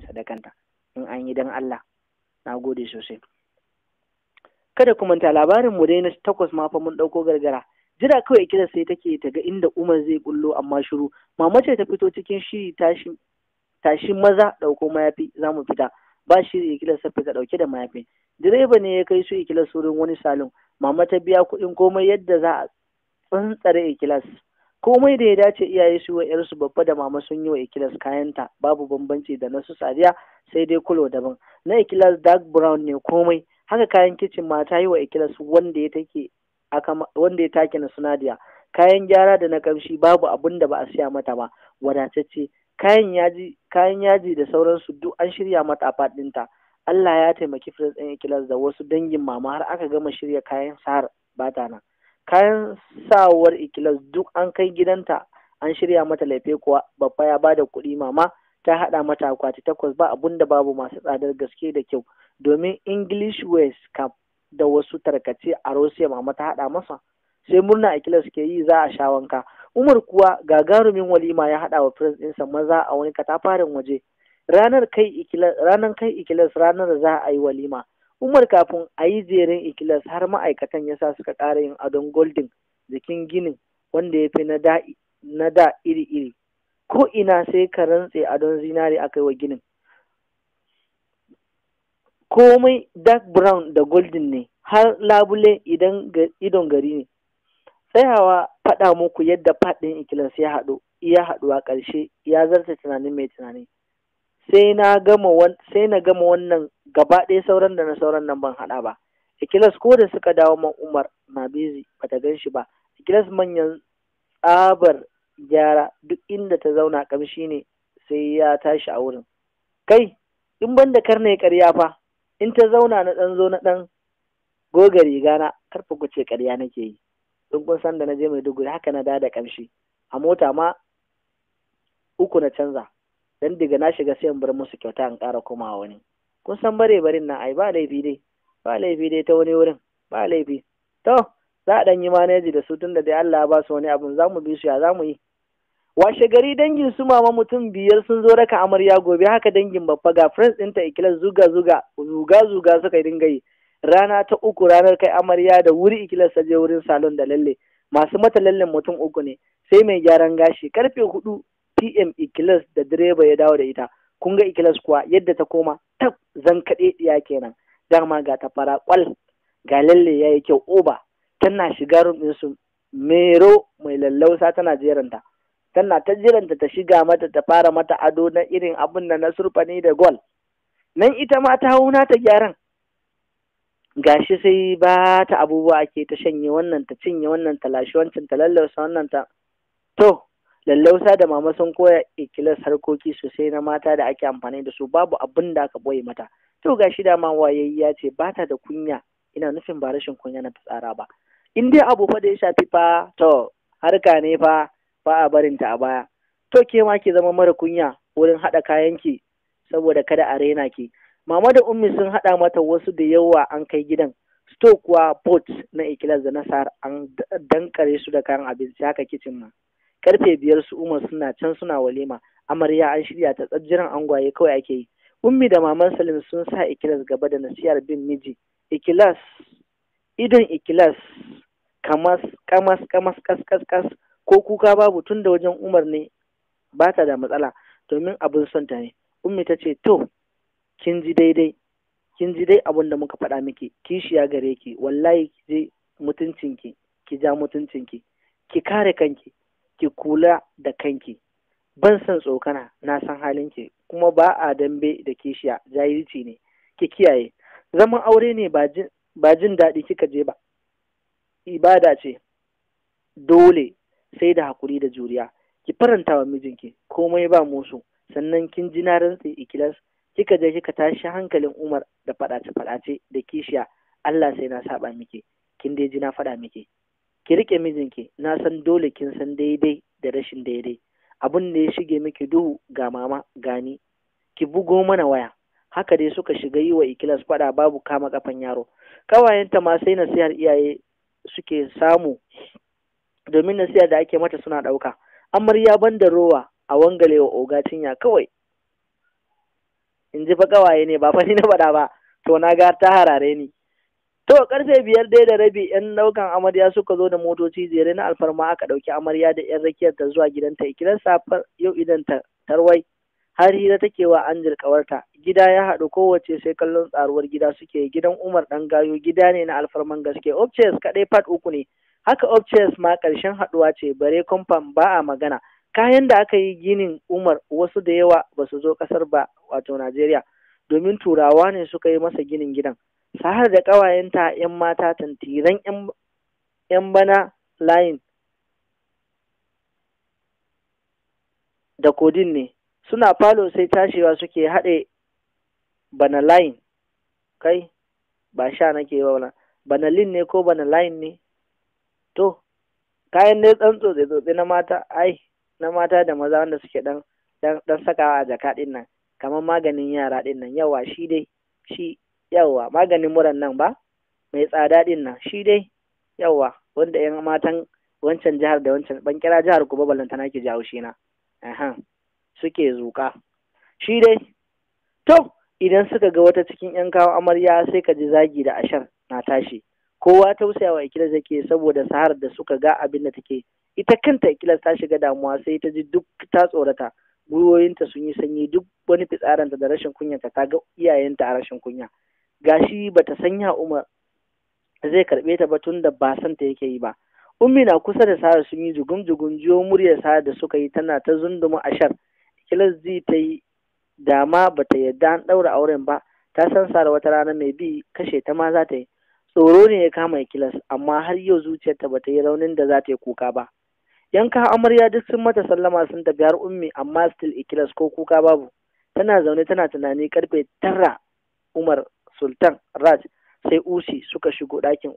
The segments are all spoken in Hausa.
nau'in sadakanta in an yi don Allah na gode sosai kada ku manta labarin mu dai na takwas ma fa mun ɗauko gargara jira kawai kira sai take ta ga inda Umar zai kullo amma shiru mama ce ta fito cikin shiri tashi tashi maza ɗauko mayafi za mu fita ba shi ikilar sai fita ɗauke da mayafi direba ne ya kai su ikilas wurin wani salon mama ta biya kuɗin komai yadda za a tsantsare ikilas komai da ya dace iyaye su wa yarsu babba da mama sun yi wa ikilas kayanta babu bambanci da na su sadiya sai dai kulo daban na ikilas dark brown ne komai haka kayan kicin ma ta yi wa ikilas wanda ya take wanda ya take na sunadiya kayan gyara da na kamshi babu abun da ba a siya mata ba wadatacce kayan yaji kayan yaji da sauransu duk an shirya mata a faɗinta Allah ya taimaki Prince ɗin Ikilas da wasu dangin mama har aka gama shirya kayan sahar bata nan kayan sawar ikilas duk an kai gidanta an shirya mata laife kuwa babba ya bada kuɗi mama ta haɗa mata akwati takwas ba abun da babu masu tsadar gaske da kyau domin english west cup da wasu tarkace a rosiya mama ta haɗa masa sai murna ikilas ke yi za a sha wanka umar kuwa gagarumin walima ya haɗa wa prince ɗinsa maza a wani katafaren waje ranar kai ikilas ranar za a yi walima Umar kafin a yi zeren ikilas har ma'aikatan ya sa suka ƙara yin adon goldin jikin ginin wanda ya fi na da iri-iri. Ko ina sai ka rantse adon zinari a kai wa ginin. Komai dark brown da goldin ne har labule idan idon gari ne. Tsayawa faɗa muku yadda faɗin ikilas ya haɗu, haɗuwa ƙarshe ya zarta tunanin mai tunani. sai na gama wannan gaba ɗaya sauran da na sauran nan ban haɗa ba ikilas ko da suka dawo man umar na ba bata gan shi ba ikilas manyan tsabar gyara duk inda ta zauna ƙamshi ne sai ya tashi a wurin kai in ban da karne karya fa in ta zauna na ɗan zo na ɗan goga riga na karfa kuce karya nake yi in kun san da na je mai duguri haka na da da ƙamshi. a mota ma uku na canza dan diga na shiga sai in bar musu kyauta in ƙara komawa wani kun san bare barin nan ai ba laifi dai ba laifi dai ta wani wurin ba laifi to za a ɗan yi manaji da su tun da dai Allah ya ba su wani abu! za mu bi su ya za mu yi washe gari dangin su mama mutum biyar sun zo raka amarya gobe haka dangin babba ga friends ɗinta ikilas zuga zuga zuga zuga suka yi dinga yi rana ta uku ranar kai amarya da wuri ikilas ta je wurin salon da lalle masu mata lallen mutum uku ne sai mai gyaran gashi karfe hudu pm ikilas da direba ya dawo da ita kun ga ikilas kuwa yadda ta koma tab zan kaɗe ɗiya kenan dama ga ta fara kwal ga lalle ya yi kyau oba tana shiga rumbinsu mero mai lallausa tana jeranta tana ta jiranta ta shiga mata ta fara mata ado na irin abunda da na surfani da gol nan ita ma ta hau ta gyaran gashi sai ba ta abubuwa ake ta shanye wannan ta cinye wannan ta lashe wancan ta lallausa wannan ta to lallausa da mama sun koya ikilas harkoki sosai na mata da ake amfani da su babu abin da aka boye mata to ga shi dama waye ya ce ba ta da kunya ina nufin ba rashin kunya na tsara ba in dai abu fa da ya shafi fa to harka ne fa ba a barin ta a baya to ke ma ke zama mara kunya wurin haɗa kayan ki saboda kada a raina ki mama da ummi sun haɗa mata wasu da yawa an kai gidan stokwa boats na ikilas da nasar an dankare su da kayan abinci haka kicin ma karfe biyar su umar suna can suna walima amarya an shirya ta tsajiran angwaye kawai ake yi ummi da maman salim sun sa ikilas gaba da nasiyar bin miji ikilas idan ikilas kamas kamas kamas kas kas kas ko kuka babu tun da wajen umar ne ba ta da matsala domin abin son ta ne ummi ta ce to kin ji daidai kin ji dai abin da muka faɗa miki kishiya gare ki wallahi ki je mutuncinki ki ja mutuncinki ki kare kanki ki kula da kanki ban san tsokana na san halinki kuma ba a dambe da kishiya jahilci ne ki kiyaye zaman aure ne ba jin daɗi kika je ba ibada ce dole sai da hakuri da juriya ki faranta wa mijinki komai ba musu sannan kin ji na rantse ikilas kika je kika tashi hankalin Umar da faɗace faɗace da kishiya Allah sai na saba miki kin dai ji na faɗa miki ki rike mijinki na san dole kin san daidai da rashin daidai abin da ya shige miki duhu ga mama gani ki bugo mana waya haka dai suka shiga yi wa ikilas fada babu kama kafan yaro kawayenta ma sai nasihar iyaye suke samu domin nasihar da ake mata suna ɗauka amarya ban da rowa a wangale wa oga cinya kawai in ji fa kawaye ne ba fa ni na faɗa ba to na ga ta harare ni To karfe biyar dai da rabi yan daukan amarya suka zo da motoci jere na alfarma aka dauki amarya da yan rakiyar ta zuwa gidanta gidan safar yau idan ta tarwai har hira take wa anjil kawarta gida ya haɗu kowace sai kallon tsaruwar gida suke gidan Umar dan gayo gida ne na alfarman gaske Obches kaɗai fat uku ne haka Obches ma karshen haɗuwa ce bare kwamfan ba a magana kayan da aka yi ginin Umar wasu da yawa ba su zo kasar ba wato Najeriya domin turawa ne suka yi masa ginin gidan sahar da ƙawayenta 'yan mata tantiran 'yan bana layin da kodin ne suna falo sai tashewa suke haɗe bana layin kai ba sha nake ba bana lin ne ko bana layin ne to kayan dai ɗan tsotse-tsotse na mata ai na mata da maza wanda suke ɗan sakawa a jaka ɗin nan kamar maganin yara ɗin nan yawa shi dai shi yawwa maganin muran nan ba mai tsada din nan shi dai yawwa wanda yan matan wancan jihar da wancan ban kira jihar kuma ballantana ke jawo shi na suke zuka shi dai to idan suka ga wata cikin yan kawo amarya sai ka ji zagi da ashar na tashi kowa tausayawa ikilar yake saboda sahar da suka ga abin da take ita kanta ikilar ta shiga damuwa sai ta ji duk ta tsorata gwiwoyinta sun yi sanyi duk wani fitsaranta da rashin kunyanta ta ga iyayenta a rashin kunya gashi ta sanya Umar zai karɓe ta ba tun da ba san ta yake yi ba ummi na kusa da Sara sun yi jugum jugum jiyo muryar Sara da suka yi tana ta zunduma ashar kilas zai ta yi dama ta yarda an ɗaura auren ba ta san Sara wata rana mai bi kashe ta ma za ta yi tsoro ne ya kama ikilas, amma har yau zuciyarta ba ta yi raunin da za ta yi kuka ba yanka amarya duk sun mata sallama sun tafi har ummi amma still ikilas ko kuka babu tana zaune tana tunani karfe tara umar sultan raj sai usi suka shigo ɗakin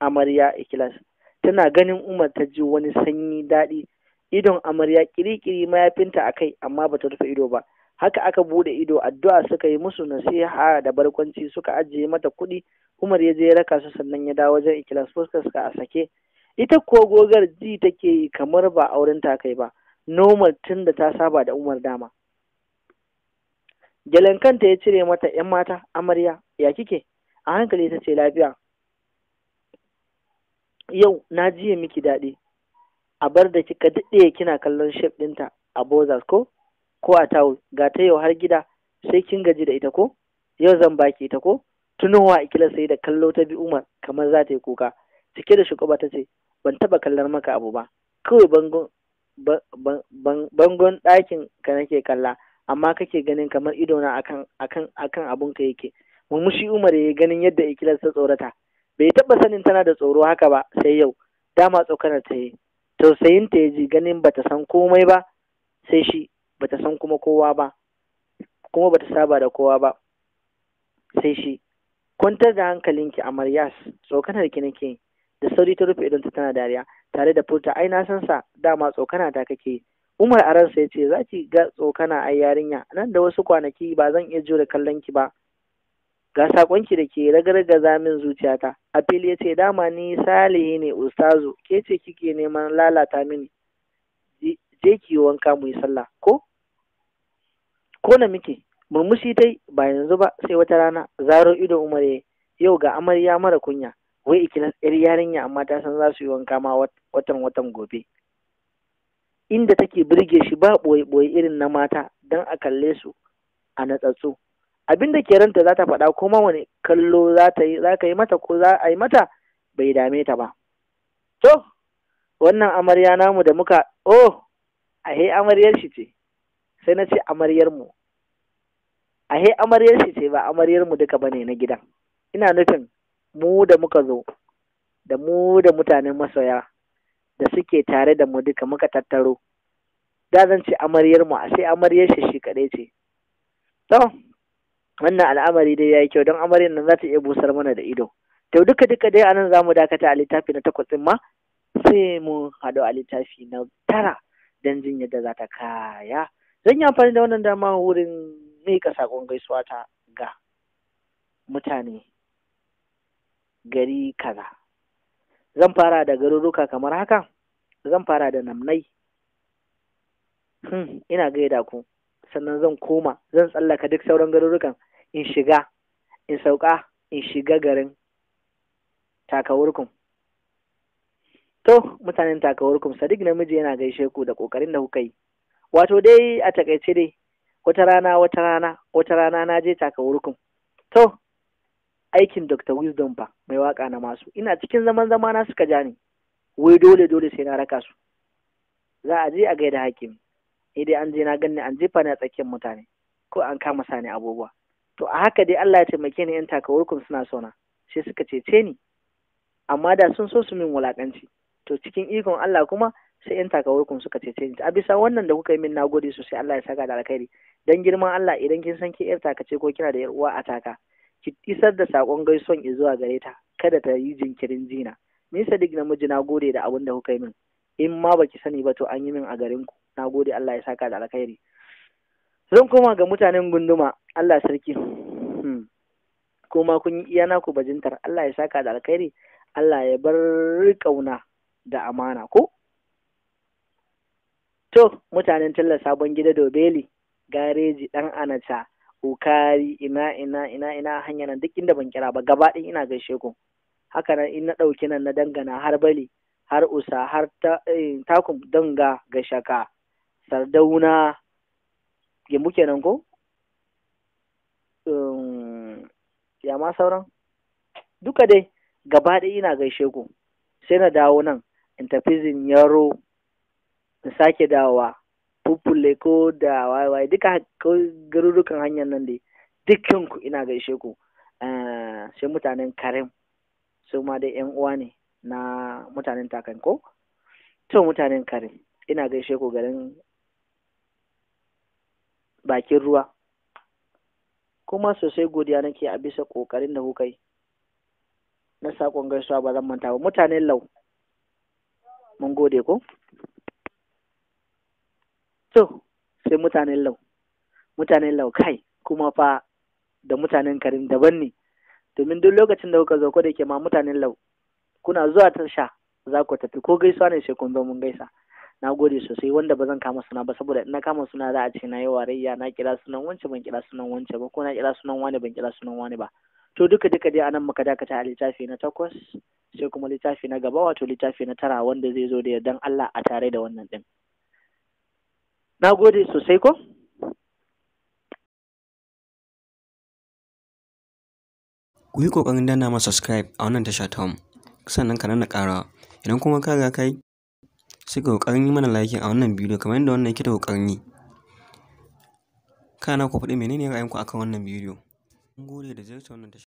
amarya ikilas tana ganin umar ta ji wani sanyi daɗi idon amarya kirikiri mayafinta a kai amma ba ta rufe ido ba haka aka bude ido addu'a suka yi musu nasiha da barkwanci suka ajiye mata kuɗi umar ya je ya raka su sannan ya dawo wajen ikilas fuskar suka a sake ita ko gogar ji take yi kamar ba auren ta kai ba normal tun da ta saba da umar dama gyalen kanta ya cire mata ‘yan mata amarya ya kike a hankali ta ce lafiya yau na jiye miki daɗi a bar da kika daɗe kina kallon shef ɗinta a bozas ko ko a tawul ga ta yau har gida sai kin gaji da ita ko yau zan baki ita ko tunowa a kila sai da kallo ta bi umar kamar za ta yi kuka cike da shugaba ta ce ban taɓa kallar maka abu ba kawai bangon bangon ɗakin ka nake kalla amma kake ganin kamar idona akan akan akan abun ka yake murmushi Umar ya ganin yadda ikilas ta tsorata bai taba sanin tana da tsoro haka ba sai yau dama tsokanar ta yi tausayin ta ya ji ganin bata san komai ba sai shi bata san kuma kowa ba kuma bata saba da kowa ba sai shi kwantar da hankalinki amaryas tsokanar ki nake da sauri ta rufe ta tana dariya tare da furta ai na san sa dama tsokana ta kake Umar a ransa ya ce za ki ga tsokana a yarinya nan da wasu kwanaki ba zan iya jure kallon ki ba ga sakonki da ke ragargaza min zuciyata a fili ya ce dama ni salihi ne ustazu ke ce kike neman lalata mini je ki wanka mu yi sallah ko ko na muke murmushi dai ba yanzu ba sai wata rana zaro ido umar ya yau ga amarya mara kunya wai ikilas yar yarinya amma ta san za su yi wanka ma watan watan gobe inda take birge shi ba ɓoye-ɓoye irin na mata don a kalle su a natsatsu abin da ke ranta za ta faɗa kuma wani kallo za ka yi mata ko za a yi mata bai dame ta ba to wannan amarya namu da muka oh ahe amaryar shi ce sai na ce amaryar mu ahe amaryar shi ce ba amaryar mu duka bane na gidan ina nufin mu da muka zo da mu da mutanen masoya da suke tare da mu duka muka tattaro da zan ce amaryar mu a sai amaryar shi shi kaɗai ce to wannan al'amari dai yayi kyau don amaryar nan za ta iya busar mana da ido to duka duka dai anan mu dakata a littafi na takwas ɗin ma sai mu haɗu a littafi na tara don jin yadda za ta kaya zan yi amfani da wannan dama wurin mika saƙon gaisuwa ta ga mutane gari kaza zan fara da garuruka kamar haka zan fara da namnai hmm, ina gaida ku sannan zan koma zan tsallaka duk sauran garurukan in shiga in sauka in shiga garin takawurkun to mutanen takawurkun sadiq namiji yana gaishe ku da kokarin da kuka yi wato dai a takaice dai wata rana wata rana wata rana na je takawurkun to aikin Dr. Wisdom ba mai waka na masu ina cikin zaman zama na suka ja ni wai dole dole sai na raka su za a je a gaida hakim ni dai an je na ganni an jefa ni a tsakiyar mutane ko an kama sani abubuwa to a haka dai Allah ya taimake ni yan takawarkun suna sona sai suka cece ni amma da sun so su min wulakanci to cikin ikon Allah kuma sai yan takawarkun suka cece ni a bisa wannan da kuka yi min nagode sosai Allah ya saka da alkhairi dan girman Allah idan kin san ki yar takace ko kina da yar uwa a taka ki isar da sakon gaisuwan zuwa gare ta kada ta yi jinkirin jina ni sadiq namiji na gode da abin da kuka yi min in ma baki sani ba to an yi min a garin ku na gode Allah ya saka da alkhairi zan koma ga mutanen gunduma Allah sarki hmm. kuma kun yi iya naku bajintar Allah ya saka da alkhairi Allah ya bar kauna da amana ko to mutanen talla sabon gida dobeli gareji dan anata kokari ina ina ina ina hanya nan duk inda ban kira ba gaba ɗin ina gaishe ku haka nan in na ɗauki nan na dangana har bali har usa har eh, takun, danga ga shaka sardauna ya muke nan ko um, ya ma sauran duka dai gaba ɗin ina gaishe ku sai na dawo nan in tafi yaro in sake dawowa bubbulle ko da wayewaye duka garurukan hanyar nan dai dukkanku ina gaishe ku eh, sai mutanen karim su ma dai yan uwa ne na mutanen takanko to mutanen karim ina gaishe ku garin bakin ruwa kuma sosai godiya nake a bisa ƙoƙarin da kuka yi na saƙon gaisuwa ba zan manta ba mutanen lau mun gode ko so sai mutanen lau mutanen lau kai kuma fa da mutanen karim daban ne domin duk lokacin da kuka zo ko da ke ma mutanen lau kuna zuwa sha za ku tafi ko gaisuwa ne sai kun zo mun gaisa na gode sosai wanda ba zan kama suna ba saboda ina kama suna za a ce na yi warayya na kira sunan wance ban kira sunan wance ba ko na kira sunan wani ban kira sunan wani ba to duka duka dai anan muka dakata a littafi na takwas sai kuma littafi na gaba wato littafi na tara wanda zai zo da yardan Allah a tare da wannan din na gode sosai ko ku yi kokarin dana ma subscribe a wannan tasha ta sannan ka nana ƙara idan kuma ka ga kai sai ka ƙoƙarin yi mana liking a wannan bidiyo kamar yadda wannan yake da ƙoƙarin yi kana ku faɗi menene ra'ayinku akan wannan bidiyo mun gode da ziyarta wannan tasha